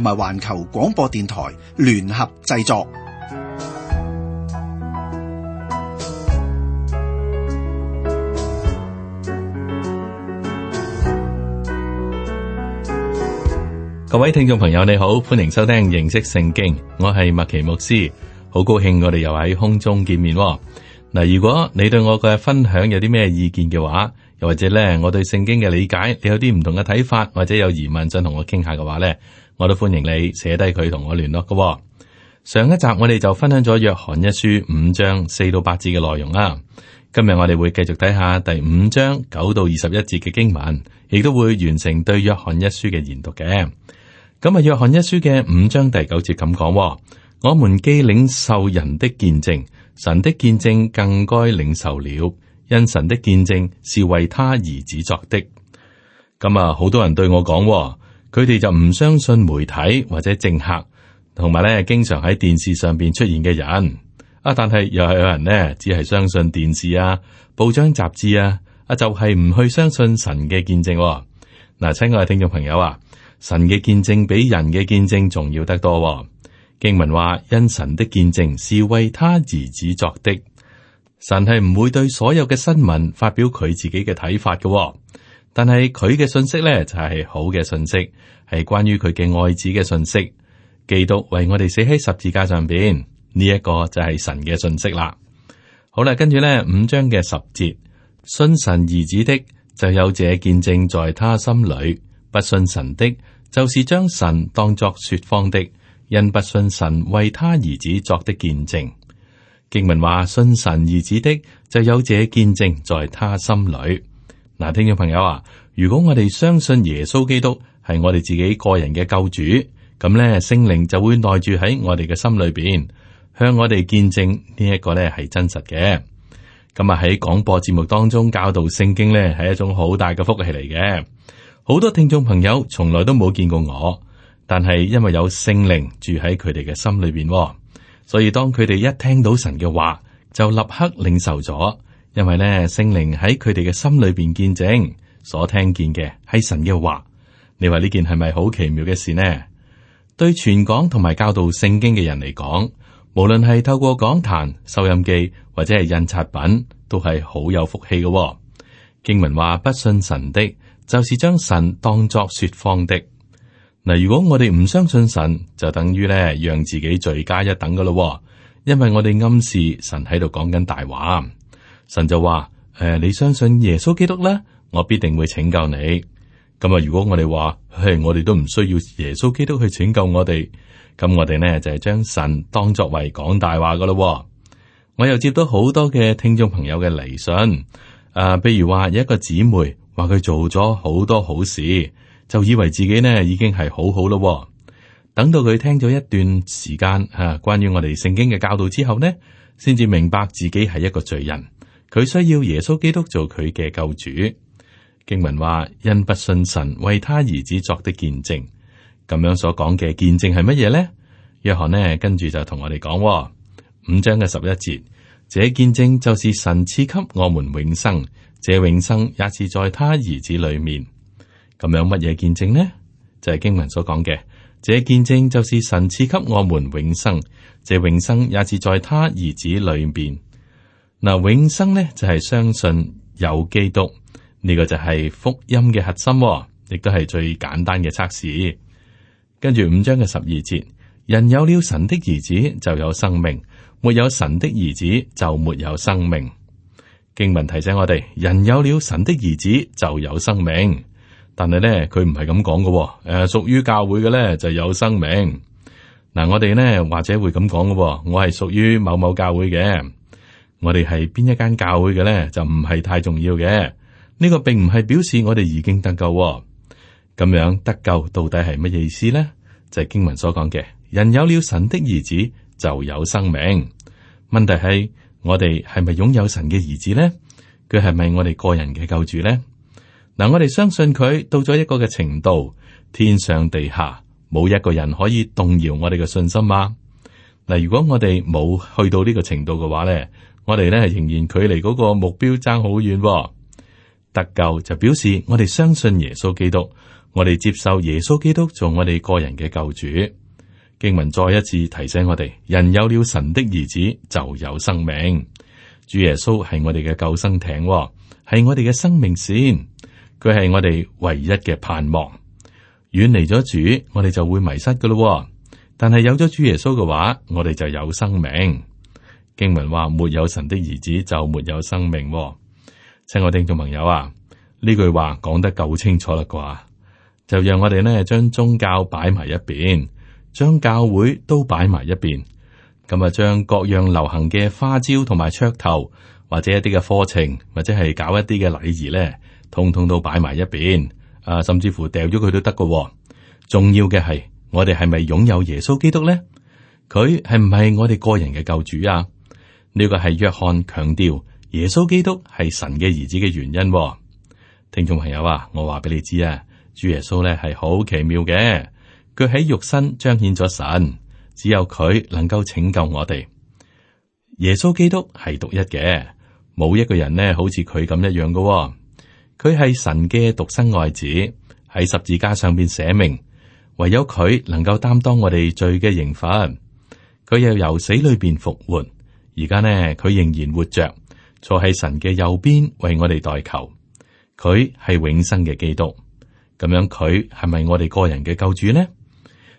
同埋環球廣播電台聯合製作。各位聽眾朋友，你好，歡迎收聽認識聖經。我係麥奇牧師，好高興我哋又喺空中見面。嗱，如果你對我嘅分享有啲咩意見嘅話，又或者咧我對聖經嘅理解，你有啲唔同嘅睇法，或者有疑問想談談，想同我傾下嘅話咧。我都歡迎你寫低佢同我聯絡嘅、哦。上一集我哋就分享咗約翰一書五章四到八節嘅內容啦、啊。今日我哋會繼續睇下第五章九到二十一節嘅經文，亦都會完成對約翰一書嘅研讀嘅。咁啊，約翰一書嘅五章第九節咁講、哦：，我們既領受人的見證，神的見證更該領受了，因神的見證是為他兒子作的。咁啊，好多人對我講、哦。佢哋就唔相信媒體或者政客，同埋咧經常喺電視上邊出現嘅人啊，但係又係有人呢，只係相信電視啊、報章雜誌啊，啊就係、是、唔去相信神嘅見證、哦。嗱、啊，親愛嘅聽眾朋友啊，神嘅見證比人嘅見證重要得多、哦。經文話：因神的見證是為他兒子作的，神係唔會對所有嘅新聞發表佢自己嘅睇法嘅、哦。但係佢嘅信息咧就係好嘅信息，係關於佢嘅愛子嘅信息。基督為我哋死喺十字架上邊，呢、這、一個就係神嘅信息啦。好啦，跟住咧五章嘅十節，信神兒子的就有這見證在他心裏，不信神的，就是將神當作說謊的，因不信神為他兒子作的見證。經文話，信神兒子的就有這見證在他心裏。嗱，聽眾朋友啊，如果我哋相信耶穌基督係我哋自己個人嘅救主，咁咧聖靈就會內住喺我哋嘅心裏邊，向我哋見證呢一個咧係真實嘅。咁啊喺廣播節目當中教導聖經咧係一種好大嘅福氣嚟嘅。好多聽眾朋友從來都冇見過我，但係因為有聖靈住喺佢哋嘅心裏邊，所以當佢哋一聽到神嘅話，就立刻領受咗。因為咧，聖靈喺佢哋嘅心裏邊見證所聽見嘅係神嘅話。你話呢件係咪好奇妙嘅事呢？對全港同埋教導聖經嘅人嚟講，無論係透過講壇、收音機或者係印刷品，都係好有福氣嘅喎。經文話，不信神的，就是將神當作說謊的。嗱，如果我哋唔相信神，就等於咧讓自己罪加一等噶啦喎。因為我哋暗示神喺度講緊大話。神就話：誒、呃，你相信耶穌基督咧，我必定會拯救你。咁啊，如果我哋話係我哋都唔需要耶穌基督去拯救我哋，咁我哋呢，就係、是、將神當作為講大話噶啦。我又接到好多嘅聽眾朋友嘅嚟信，誒、呃，譬如話有一個姊妹話佢做咗好多好事，就以為自己呢已經係好好咯。等到佢聽咗一段時間吓、啊、關於我哋聖經嘅教導之後呢，先至明白自己係一個罪人。佢需要耶穌基督做佢嘅救主。經文話：因不信神為他兒子作的見證，咁樣所講嘅見證係乜嘢呢？約翰呢跟住就同我哋講、哦：五章嘅十一節，這見證就是神賜給我們永生，這永生也是在他兒子裏面。咁樣乜嘢見證呢？就係、是、經文所講嘅，這見證就是神賜給我們永生，這永生也是在他兒子裏面。嗱，永生咧就係相信有基督，呢個就係福音嘅核心，亦都係最簡單嘅測試。跟住五章嘅十二節，人有了神的兒子就有生命，沒有神的兒子就沒有生命。經文提醒我哋，人有了神的兒子就有生命，但係咧佢唔係咁講嘅，誒、呃，屬於教會嘅咧就有生命。嗱、呃，我哋呢，或者會咁講嘅，我係屬於某某教會嘅。我哋係邊一間教會嘅咧，就唔係太重要嘅。呢個並唔係表示我哋已經得救。咁樣得救到底係乜嘢意思咧？就係經文所講嘅，人有了神的兒子就有生命。問題係我哋係咪擁有神嘅兒子咧？佢係咪我哋個人嘅救主咧？嗱，我哋相信佢到咗一個嘅程度，天上地下冇一個人可以動搖我哋嘅信心啊。嗱，如果我哋冇去到呢個程度嘅話咧？我哋咧，仍然距離嗰個目標差好遠、哦，得救就表示我哋相信耶穌基督，我哋接受耶穌基督做我哋個人嘅救主。經文再一次提醒我哋：人有了神的兒子，就有生命。主耶穌係我哋嘅救生艇、哦，係我哋嘅生命線，佢係我哋唯一嘅盼望。遠離咗主，我哋就會迷失噶咯、哦。但係有咗主耶穌嘅話，我哋就有生命。經文話：沒有神的兒子，就沒有生命、哦。親愛聽眾朋友啊，呢句話講得夠清楚啦，啩，就讓我哋呢將宗教擺埋一邊，將教會都擺埋一邊，咁啊，將各樣流行嘅花招同埋噱頭，或者一啲嘅課程，或者係搞一啲嘅禮儀呢，通通都擺埋一邊啊，甚至乎掉咗佢都得嘅、哦。重要嘅係我哋係咪擁有耶穌基督呢？佢係唔係我哋個人嘅救主啊？呢個係約翰強調耶穌基督係神嘅兒子嘅原因，哦。聽眾朋友啊，我話俾你知啊，主耶穌呢係好奇妙嘅。佢喺肉身彰顯咗神，只有佢能夠拯救我哋。耶穌基督係獨一嘅，冇一個人呢好似佢咁一樣㗎，哦。佢係神嘅獨生愛子，喺十字架上面寫明，唯有佢能夠擔當我哋罪嘅刑罰。佢又由死裏面復活。而家呢，佢仍然活着，坐喺神嘅右邊為我哋代求。佢係永生嘅基督，咁樣佢係咪我哋個人嘅救主呢？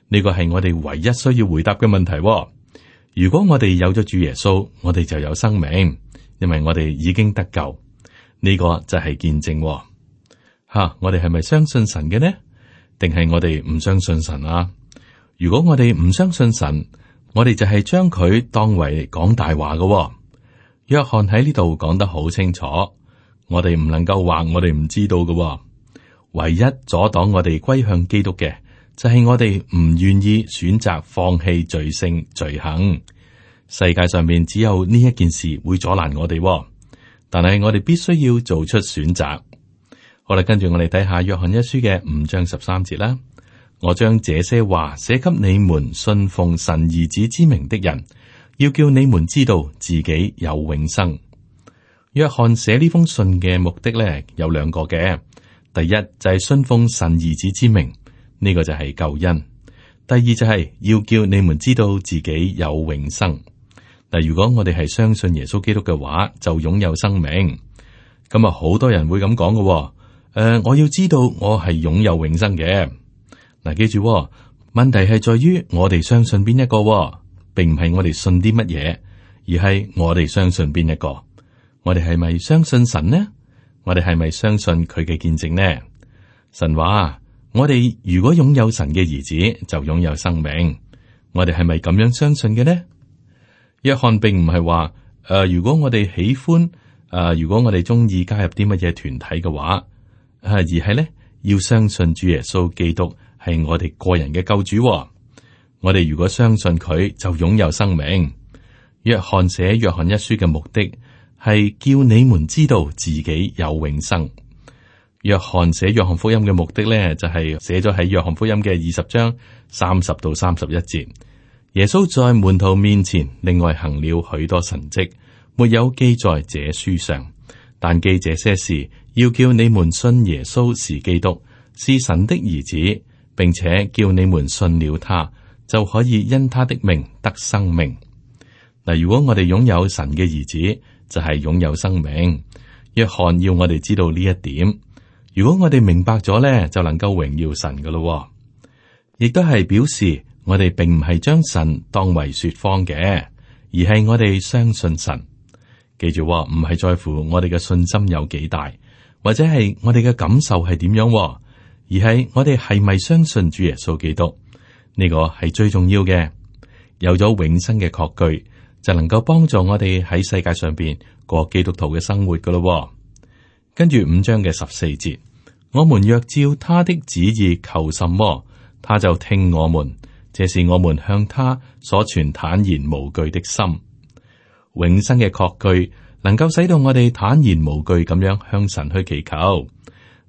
呢個係我哋唯一需要回答嘅問題哦。如果我哋有咗主耶穌，我哋就有生命，因為我哋已經得救。呢個就係見證哦。吓，我哋係咪相信神嘅呢？定係我哋唔相信神啊？如果我哋唔相信神？我哋就係將佢當為講大話嘅喎。約翰喺呢度講得好清楚，我哋唔能夠話我哋唔知道嘅喎。唯一阻擋我哋歸向基督嘅，就係、是、我哋唔願意選擇放棄罪性罪行。世界上面只有呢一件事會阻攔我哋喎，但係我哋必須要做出選擇。好啦，跟住我哋睇下約翰一書嘅五章十三節啦。我將這些話寫給你們信奉神兒子之名的人，要叫你們知道自己有永生。約翰寫呢封信嘅目的呢，有兩個嘅，第一就係信奉神兒子之名，呢個就係救恩；第二就係要叫你們知道自己有永生。嗱，如果我哋係相信耶穌基督嘅話，就擁有生命。咁啊，好多人會咁講嘅，誒，我要知道我係擁有永生嘅。嗱，記住、哦、問題係在於我哋相信邊一個、哦，並唔係我哋信啲乜嘢，而係我哋相信邊一個。我哋係咪相信神呢？我哋係咪相信佢嘅見證呢？神話我哋如果擁有神嘅兒子，就擁有生命。我哋係咪咁樣相信嘅呢？約翰並唔係話誒，如果我哋喜歡誒、呃，如果我哋中意加入啲乜嘢團體嘅話，而係咧要相信主耶穌基督。係我哋個人嘅救主、哦。我哋如果相信佢，就擁有生命。約翰寫約翰一書嘅目的係叫你們知道自己有永生。約翰寫約翰福音嘅目的呢，就係、是、寫咗喺約翰福音嘅二十章三十到三十一節。耶穌在門徒面前另外行了許多神蹟，沒有記在這書上，但記這些事要叫你們信耶穌是基督，是神的兒子。並且叫你們信了他，就可以因他的名得生命。嗱，如果我哋擁有神嘅兒子，就係、是、擁有生命。約翰要我哋知道呢一點。如果我哋明白咗咧，就能夠榮耀神噶咯。亦都係表示我哋並唔係將神當為說謊嘅，而係我哋相信神。記住，唔係在乎我哋嘅信心有幾大，或者係我哋嘅感受係點樣。而係我哋係咪相信主耶穌基督？呢個係最重要嘅。有咗永生嘅確據，就能夠幫助我哋喺世界上邊過基督徒嘅生活噶咯。跟住五章嘅十四節，我們若照他的旨意求什麼，他就聽我們。這是我們向他所存坦然無懼的心。永生嘅確據，能夠使到我哋坦然無懼咁樣向神去祈求。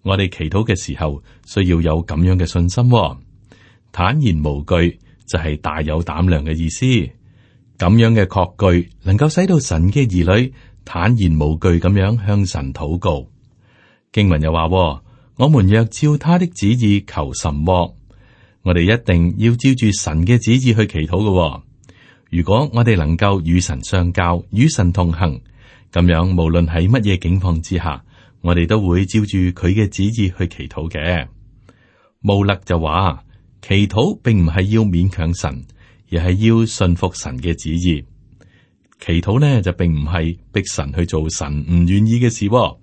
我哋祈禱嘅時候，需要有咁樣嘅信心，哦，坦然無懼就係、是，大有膽量嘅意思。咁樣嘅確據，能夠使到神嘅兒女坦然無懼咁樣向神禱告。經文又話，哦：，我們若照他的旨意求神活，哦，我哋一定要照住神嘅旨意去祈禱嘅，哦。如果我哋能夠與神相交，與神同行，咁樣無論喺乜嘢境況之下。我哋都會照住佢嘅旨意去祈禱嘅。穆勒就話，祈禱並唔係要勉強神，而係要信服神嘅旨意。祈禱呢，就並唔係逼神去做神唔願意嘅事、哦，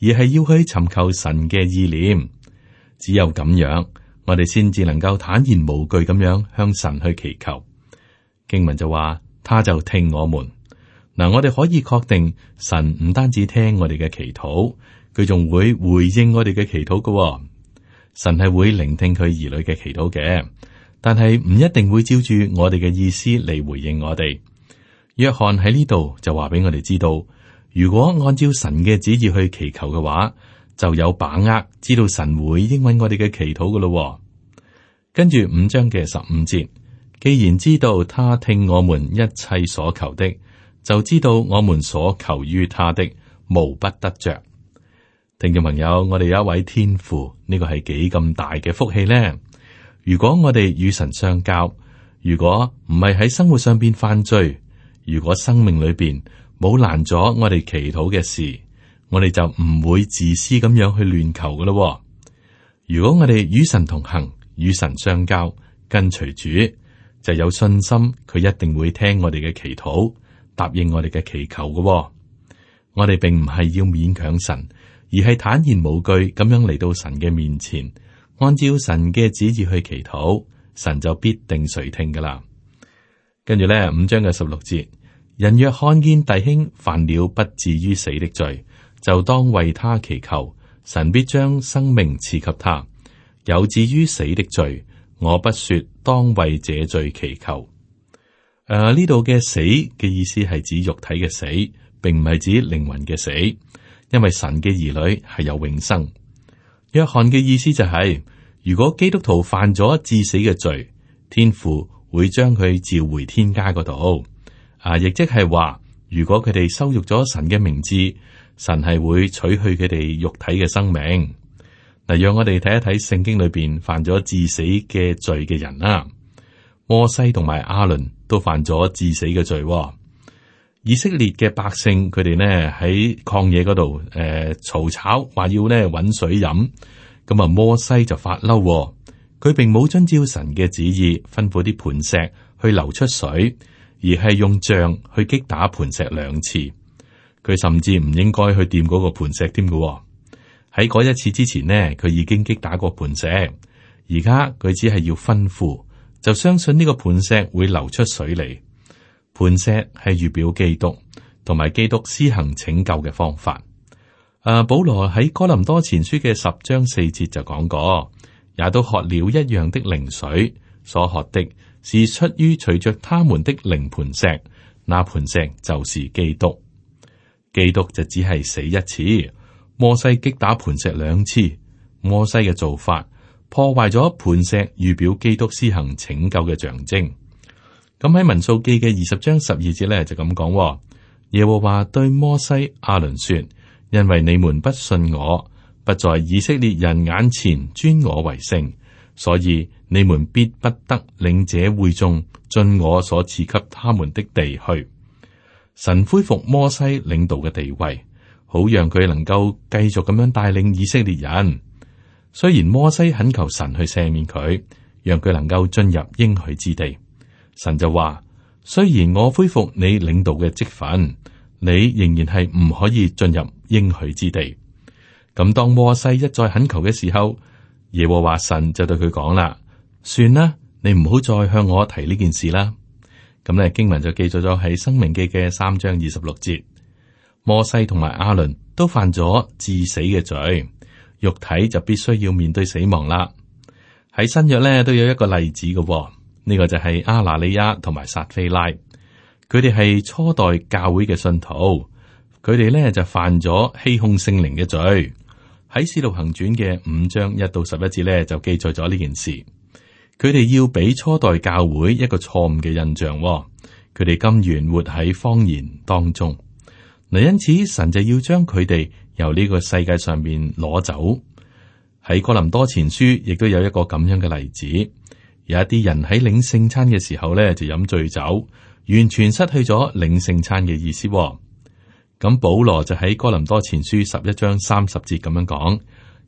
而係要去尋求神嘅意念。只有咁樣，我哋先至能夠坦然無懼咁樣向神去祈求。經文就話，他就聽我們。嗱，我哋可以確定神唔單止聽我哋嘅祈禱，佢仲會回應我哋嘅祈禱嘅。神係會聆聽佢兒女嘅祈禱嘅，但係唔一定會照住我哋嘅意思嚟回應我哋。約翰喺呢度就話俾我哋知道，如果按照神嘅旨意去祈求嘅話，就有把握知道神會應允我哋嘅祈禱嘅咯。跟住五章嘅十五節，既然知道他聽我們一切所求的。就知道我們所求於他的無不得着。聽眾朋友，我哋有一位天父，呢個係幾咁大嘅福氣呢？如果我哋與神相交，如果唔係喺生活上邊犯罪，如果生命裏邊冇攔阻我哋祈禱嘅事，我哋就唔會自私咁樣去亂求噶啦。如果我哋與神同行，與神相交，跟隨主，就有信心，佢一定會聽我哋嘅祈禱。答應我哋嘅祈求嘅、哦，我哋並唔係要勉強神，而係坦然無懼咁樣嚟到神嘅面前，按照神嘅旨意去祈禱，神就必定垂聽噶啦。跟住咧五章嘅十六節，人若看見弟兄犯了不至於死的罪，就當為他祈求，神必將生命賜給他。有至於死的罪，我不說當為這罪祈求。誒，呢度嘅死嘅意思係指肉體嘅死，並唔係指靈魂嘅死，因為神嘅兒女係有永生。約翰嘅意思就係、是，如果基督徒犯咗致死嘅罪，天父會將佢召回天家嗰度。啊，亦即係話，如果佢哋羞辱咗神嘅名字，神係會取去佢哋肉體嘅生命。嗱、啊，讓我哋睇一睇聖經裏邊犯咗致死嘅罪嘅人啦，摩西同埋阿倫。都犯咗致死嘅罪。以色列嘅百姓佢哋呢，喺曠野嗰度，誒、呃、嘈吵炒，話要呢搵水飲。咁啊摩西就發嬲，佢並冇遵照神嘅旨意，吩咐啲磐石去流出水，而係用杖去擊打磐石兩次。佢甚至唔應該去掂嗰個磐石添嘅。喺嗰一次之前呢，佢已經擊打過磐石，而家佢只係要吩咐。就相信呢個磐石會流出水嚟。磐石係預表基督，同埋基督施行拯救嘅方法。誒、啊，保羅喺哥林多前書嘅十章四節就講過，也都喝了一樣的靈水，所學的是出於隨着他們的靈磐石，那磐石就是基督。基督就只係死一次，摩西擊打磐石兩次，摩西嘅做法破壞咗磐石預表基督施行拯救嘅象徵。咁喺民數記嘅二十章十二節呢，就咁講，耶和華對摩西、阿倫說：因為你們不信我，不在以色列人眼前尊我為聖，所以你們必不得領這會眾進我所賜給他們的地去。神恢復摩西領導嘅地位，好讓佢能夠繼續咁樣帶領以色列人。雖然摩西懇求神去赦免佢，讓佢能夠進入應許之地，神就話：雖然我恢復你領導嘅職份，你仍然係唔可以進入應許之地。咁當摩西一再懇求嘅時候，耶和華神就對佢講啦：算啦，你唔好再向我提呢件事啦。咁咧經文就記載咗喺《生命記》嘅三章二十六節，摩西同埋阿倫都犯咗致死嘅罪。肉體就必須要面對死亡啦。喺新約咧，都有一個例子嘅。哦，呢、呢個就係阿拿利亞同埋撒非拉，佢哋係初代教會嘅信徒，佢哋咧就犯咗欺哄聖靈嘅罪。喺《使徒行傳》嘅五章一到十一節咧，就記載咗呢件事。佢哋要俾初代教會一個錯誤嘅印象。哦，佢哋甘願活喺謊言當中。嗱，因此神就要將佢哋。由呢個世界上面攞走。喺哥林多前書亦都有一個咁樣嘅例子，有一啲人喺領聖餐嘅時候呢，就飲醉酒，完全失去咗領聖餐嘅意思。咁、嗯、保羅就喺哥林多前書十一章三十節咁樣講，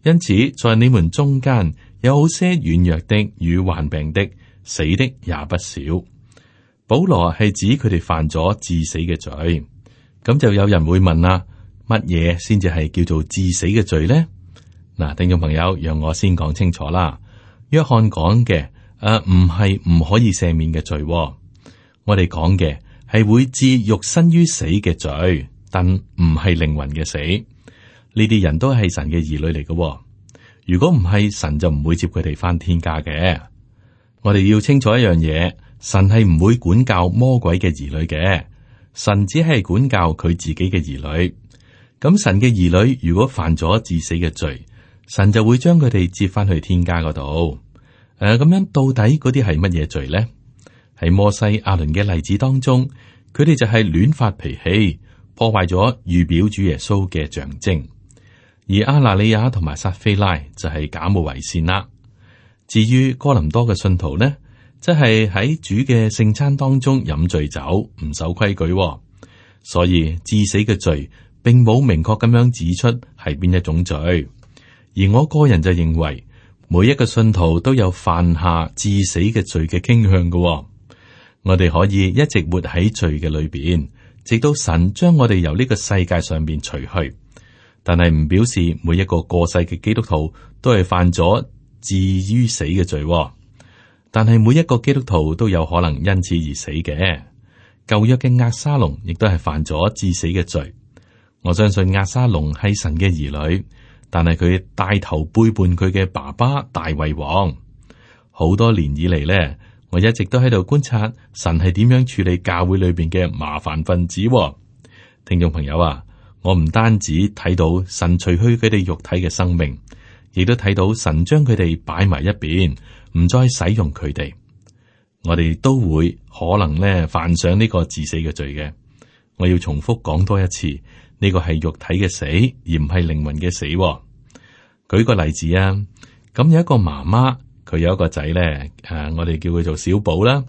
因此在你們中間有好些軟弱的與患病的，死的也不少。保羅係指佢哋犯咗致死嘅罪。咁就有人會問啦、啊。乜嘢先至係叫做致死嘅罪呢？嗱、啊，聽眾朋友，讓我先講清楚啦。約翰講嘅誒，唔係唔可以赦免嘅罪、哦。我哋講嘅係會致肉身於死嘅罪，但唔係靈魂嘅死。呢啲人都係神嘅兒女嚟嘅、哦。如果唔係，神就唔會接佢哋返天家嘅。我哋要清楚一樣嘢，神係唔會管教魔鬼嘅兒女嘅，神只係管教佢自己嘅兒女。咁神嘅兒女如果犯咗致死嘅罪，神就會將佢哋接翻去天家嗰度。誒、啊，咁樣到底嗰啲係乜嘢罪呢？喺摩西、阿倫嘅例子當中，佢哋就係亂發脾氣，破壞咗預表主耶穌嘅象徵。而阿納利亞同埋撒非拉就係假冒為善啦。至於哥林多嘅信徒呢，即係喺主嘅聖餐當中飲醉酒，唔守規矩，所以致死嘅罪。並冇明確咁樣指出係邊一種罪，而我個人就認為每一個信徒都有犯下致死嘅罪嘅傾向嘅、哦。我哋可以一直活喺罪嘅裏邊，直到神將我哋由呢個世界上邊除去。但係唔表示每一個過世嘅基督徒都係犯咗至於死嘅罪、哦，但係每一個基督徒都有可能因此而死嘅。舊約嘅押沙龍亦都係犯咗致死嘅罪。我相信亞沙龍係神嘅兒女，但係佢帶頭背叛佢嘅爸爸大衛王。好多年以嚟咧，我一直都喺度觀察神係點樣處理教會裏邊嘅麻煩分子。聽眾朋友啊，我唔單止睇到神除去佢哋肉體嘅生命，亦都睇到神將佢哋擺埋一邊，唔再使用佢哋。我哋都會可能咧犯上呢個致死嘅罪嘅。我要重複講多一次。呢個係肉體嘅死，而唔係靈魂嘅死。舉個例子啊，咁有一個媽媽，佢有一個仔咧，誒，我哋叫佢做小寶啦。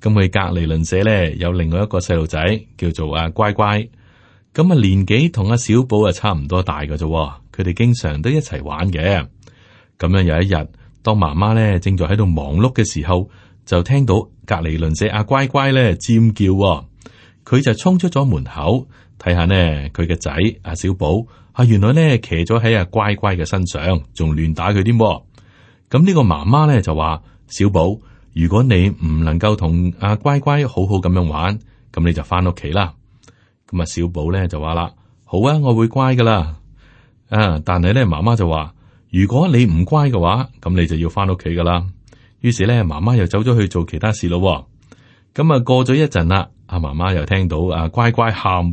咁佢隔籬鄰舍咧有另外一個細路仔，叫做阿乖乖。咁啊年紀同阿小寶啊差唔多大噶啫。佢哋經常都一齊玩嘅。咁樣有一日，當媽媽咧正在喺度忙碌嘅時候，就聽到隔籬鄰舍阿乖乖咧尖叫，佢就衝出咗門口。睇下呢，佢嘅仔阿小寶啊，原來呢，騎咗喺阿乖乖嘅身上，仲亂打佢添。咁呢個媽媽呢，就話：小寶，如果你唔能夠同阿乖乖好好咁樣玩，咁你就翻屋企啦。咁啊，小寶呢，就話啦：好啊，我會乖噶啦。啊，但係呢，媽媽就話：如果你唔乖嘅話，咁你就要翻屋企噶啦。於是呢，媽媽又走咗去做其他事咯。咁啊，過咗一陣啦，阿媽媽又聽到阿乖乖喊。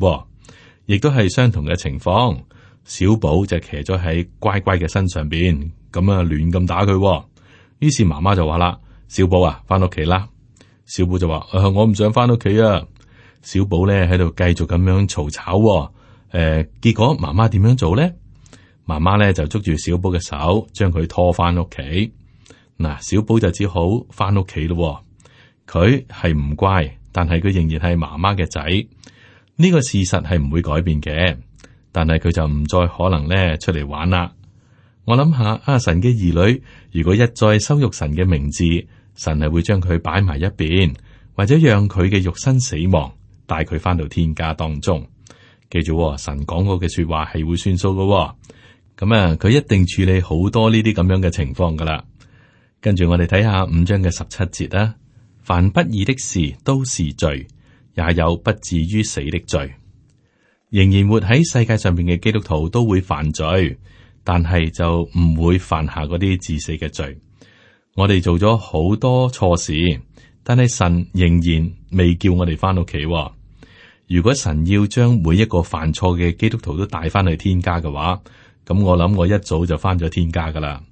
亦都係相同嘅情況，小寶就騎咗喺乖乖嘅身上邊，咁啊亂咁打佢。於是媽媽就話啦：小寶啊，返屋企啦！小寶就話：誒，我唔想返屋企啊！小寶咧喺度繼續咁樣嘈吵，吵。誒、呃，結果媽媽點樣做咧？媽媽咧就捉住小寶嘅手，將佢拖返屋企。嗱、啊，小寶就只好返屋企咯。佢係唔乖，但係佢仍然係媽媽嘅仔。呢個事實係唔會改變嘅，但係佢就唔再可能咧出嚟玩啦。我諗下阿、啊、神嘅兒女，如果一再羞辱神嘅名字，神係會將佢擺埋一邊，或者讓佢嘅肉身死亡，帶佢返到天家當中。記住、哦，神講過嘅說話係會算數噶、哦。咁啊，佢一定處理好多呢啲咁樣嘅情況噶啦。跟住我哋睇下五章嘅十七節啦、啊。凡不義的事都是罪。也有不至於死的罪，仍然活喺世界上面嘅基督徒都會犯罪，但係就唔會犯下嗰啲致死嘅罪。我哋做咗好多錯事，但係神仍然未叫我哋翻屋企。如果神要將每一個犯錯嘅基督徒都帶翻去天家嘅話，咁我諗我一早就翻咗天家噶啦。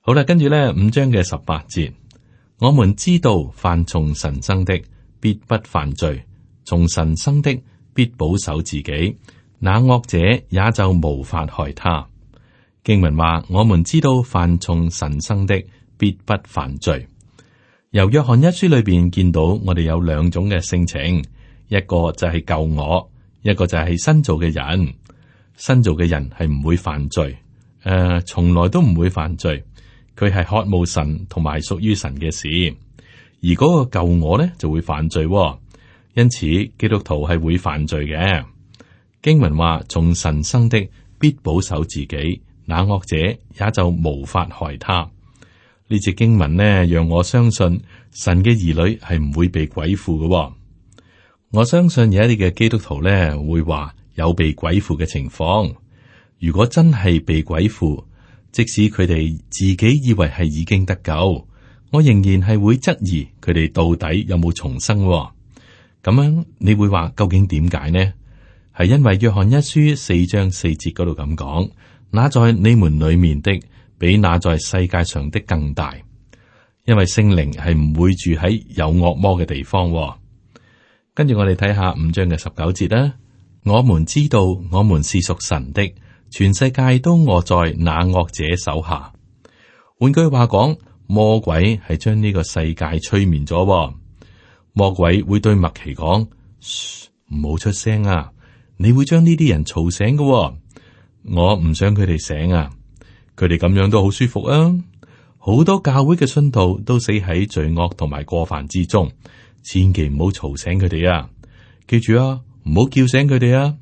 好啦，跟住咧五章嘅十八節，我們知道犯從神生的，必不犯罪，從神生的必保守自己，那惡者也就無法害他。經文話：我們知道，犯從神生的，必不犯罪。由約翰一書裏邊見到，我哋有兩種嘅性情，一個就係舊我，一個就係新造嘅人。新造嘅人係唔會犯罪，誒、呃，從來都唔會犯罪。佢係渴慕神同埋屬於神嘅事。而嗰個舊我咧就會犯罪、哦，因此基督徒係會犯罪嘅。經文話：從神生的必保守自己，那惡者也就無法害他。呢隻經文呢，讓我相信神嘅兒女係唔會被鬼附嘅、哦。我相信有一啲嘅基督徒咧會話有被鬼附嘅情況。如果真係被鬼附，即使佢哋自己以為係已經得救。我仍然係會質疑佢哋到底有冇重生喎，咁樣？你會話究竟點解呢？係因為約翰一書四章四節嗰度咁講，那在你們裏面的比那在世界上的更大，因為聖靈係唔會住喺有惡魔嘅地方、哦。跟住我哋睇下五章嘅十九節啦、啊。我們知道我們是屬神的，全世界都臥在那惡者手下。換句話講。魔鬼係將呢個世界催眠咗喎，魔鬼會對麥琪講：嘘，唔好出聲啊！你會將呢啲人嘈醒噶喎，我唔想佢哋醒啊！佢哋咁樣都好舒服啊！好多教會嘅信徒都死喺罪惡同埋過犯之中，千祈唔好嘈醒佢哋啊！記住啊，唔好叫醒佢哋啊！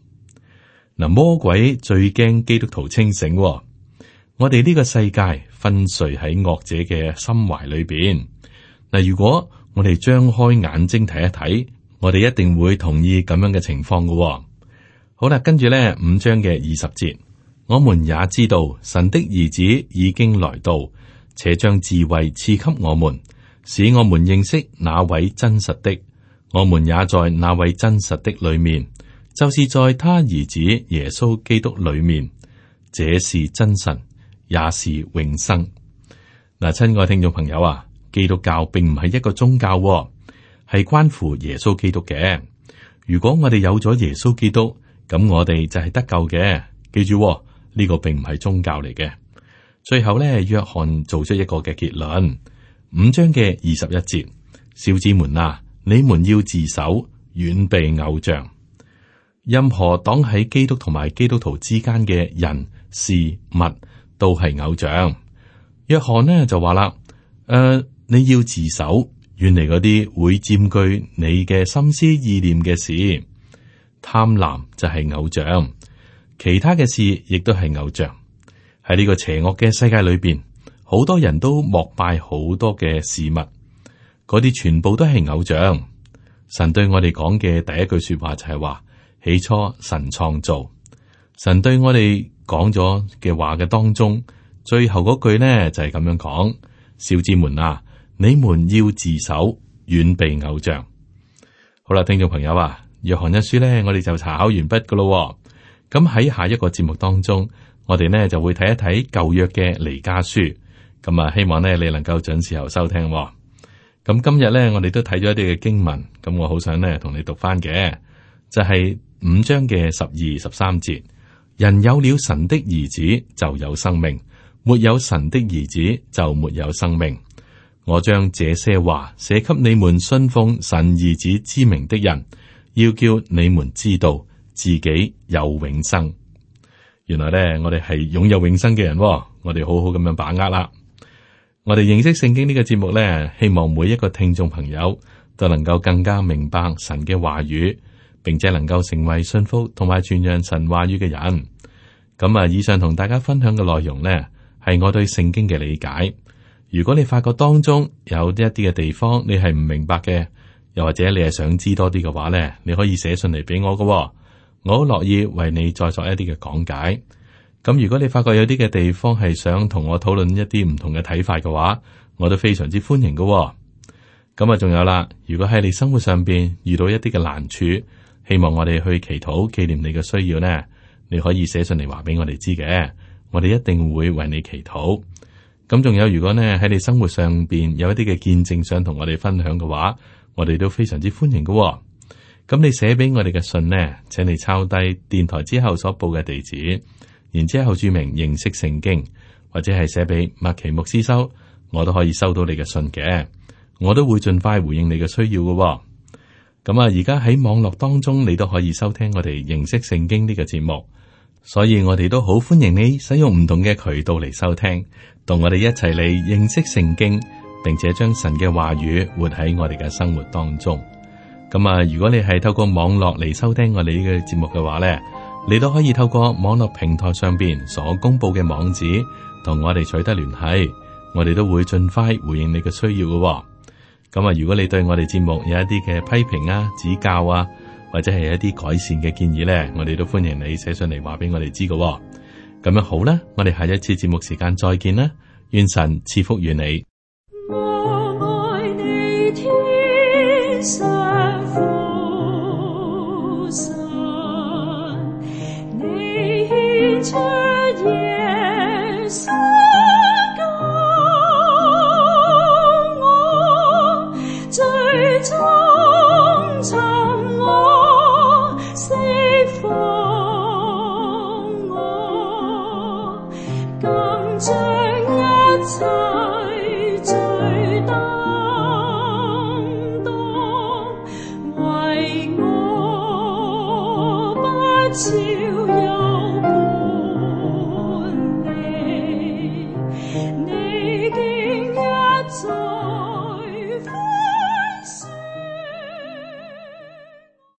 嗱，魔鬼最驚基督徒清醒喎，我哋呢個世界，瞓睡喺惡者嘅心懷裏邊。嗱，如果我哋張開眼睛睇一睇，我哋一定會同意咁樣嘅情況㗎哦。好啦，跟住呢五章嘅二十節，我們也知道神的兒子已經來到，且將智慧賜給我們，使我們認識那位真實的。我們也在那位真實的裏面，就是在他兒子耶穌基督裏面。這是真神。也是永生嗱，親愛聽眾朋友啊，基督教並唔係一個宗教、哦，係關乎耶穌基督嘅。如果我哋有咗耶穌基督，咁我哋就係得救嘅。記住呢、哦這個並唔係宗教嚟嘅。最後咧，約翰做出一個嘅結論，五章嘅二十一節，小子們啊，你們要自守，遠避偶像。任何擋喺基督同埋基督徒之間嘅人、事、物。都係偶像。約翰呢就話啦，誒、呃，你要自守，遠離嗰啲會佔據你嘅心思意念嘅事。貪婪就係偶像，其他嘅事亦都係偶像。喺呢個邪惡嘅世界裏邊，好多人都膜拜好多嘅事物，嗰啲全部都係偶像。神對我哋講嘅第一句說話就係話，起初神創造，神對我哋。講咗嘅話嘅當中，最後嗰句呢就係咁樣講：小子們啊，你們要自守，遠避偶像。好啦，聽眾朋友啊，約翰一書呢，我哋就查考完畢噶咯。咁喺下一個節目當中，我哋呢就會睇一睇舊約嘅離家書。咁啊，希望呢你能夠準時候收聽。咁今日呢，我哋都睇咗一啲嘅經文。咁我好想呢同你讀翻嘅，就係、是、五章嘅十二十三節。人有了神的兒子就有生命，沒有神的兒子就沒有生命。我將這些話寫給你們信奉神兒子之名的人，要叫你們知道自己有永生。原來呢，我哋係擁有永生嘅人，我哋好好咁樣把握啦。我哋認識聖經呢個節目呢，希望每一個聽眾朋友都能夠更加明白神嘅話語，並且能夠成為信福同埋傳揚神話語嘅人。咁啊,以上同大家分享嘅內容呢，係我對聖經嘅理解。如果你發覺當中有啲一啲嘅地方你係唔明白嘅，又或者你係想知多啲嘅話呢，你可以寫信嚟俾我噶我好樂意為你再作一啲嘅講解。咁如果你發覺有啲嘅地方係想同我討論一啲唔同嘅睇法嘅話，我都非常之歡迎噶。咁啊，仲有啦，如果喺你生活上邊遇到一啲嘅難處，希望我哋去祈禱紀念你嘅需要呢，你可以寫信嚟，話俾我哋知嘅，我哋一定會為你祈禱。咁仲有，如果呢，喺你生活上邊有一啲嘅見證想同我哋分享嘅話，我哋都非常之歡迎嘅、哦。咁你寫俾我哋嘅信呢，請你抄低電台之後所報嘅地址，然之後注明認識聖經，或者係寫俾麥奇牧師收，我都可以收到你嘅信嘅，我都會盡快回應你嘅需要嘅、哦。咁啊，而家喺網絡當中，你都可以收聽我哋認識聖經呢個節目，所以我哋都好歡迎你使用唔同嘅渠道嚟收聽，同我哋一齊嚟認識聖經，並且將神嘅話語活喺我哋嘅生活當中。咁啊，如果你係透過網絡嚟收聽我哋呢個節目嘅話咧，你都可以透過網絡平台上邊所公布嘅網址，同我哋取得聯繫，我哋都會盡快回應你嘅需要嘅。咁啊，如果你對我哋節目有一啲嘅批評啊、指教啊，或者係一啲改善嘅建議咧，我哋都歡迎你寫上嚟話俾我哋知噶咁樣好啦，我哋下一次節目時間再見啦，願神賜福於你。